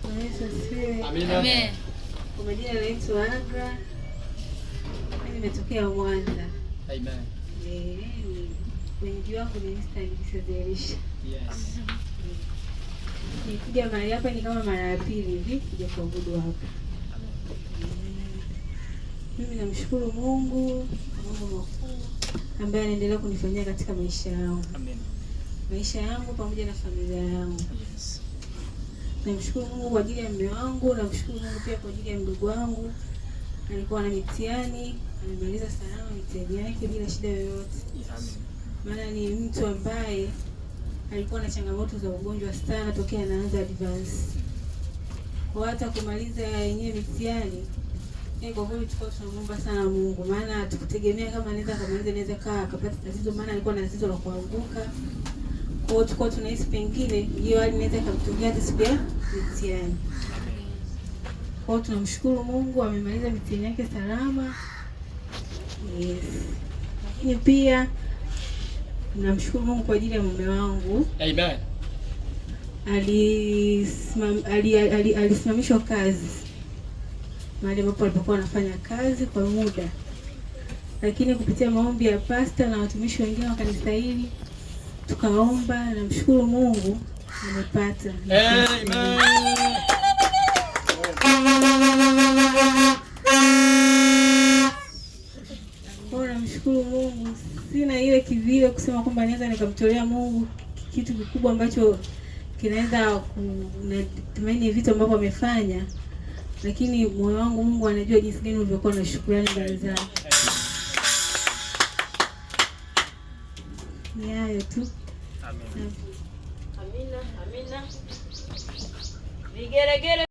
Kwa majina naitwa Agra, nimetokea Mwanza. Mwenyeji wangu ni Mr. Nikuja mahali hapa ni kama mara ya pili hivi kuja kuabudu hapa. Mimi namshukuru Mungu Mungu makuu ambaye anaendelea kunifanyia katika maisha yangu, maisha yangu pamoja na familia yangu. Yes. Namshukuru Mungu kwa ajili ya mume wangu, namshukuru Mungu pia kwa ajili ya mdogo wangu. Alikuwa na mitihani, amemaliza salama mitihani yake bila shida yoyote. Maana ni mtu ambaye alikuwa na changamoto za ugonjwa sana tokea anaanza advance. Kwa hata kumaliza yenyewe mitihani, eh, kwa kweli tulikuwa tunamuomba sana Mungu, maana tukutegemea kama anaweza kamaliza, anaweza kaa akapata tatizo, maana alikuwa na tatizo la kuanguka kwa tukao tunahisi pengine hiyo hali inaweza ikamtokea hata siku ya Kwa tunamshukuru Mungu amemaliza mitihani yake salama. Yes. Lakini pia namshukuru Mungu kwa ajili ya mume wangu. Amen. ali, alisimamishwa kazi mahali ambapo alipokuwa anafanya kazi kwa muda, lakini kupitia maombi ya pasta na watumishi wengine wa kanisa hili tukaomba, namshukuru Mungu nimepata. namshukuru Mungu, sina ile kivile kusema kwamba naweza nikamtolea Mungu kitu kikubwa ambacho kinaweza kunatumaini vitu ambavyo amefanya, lakini moyo wangu Mungu anajua jinsi gani ulivyokuwa na shukrani mbele zake. Ni hayo tu. Amina. Amina. Amina. Vigeregere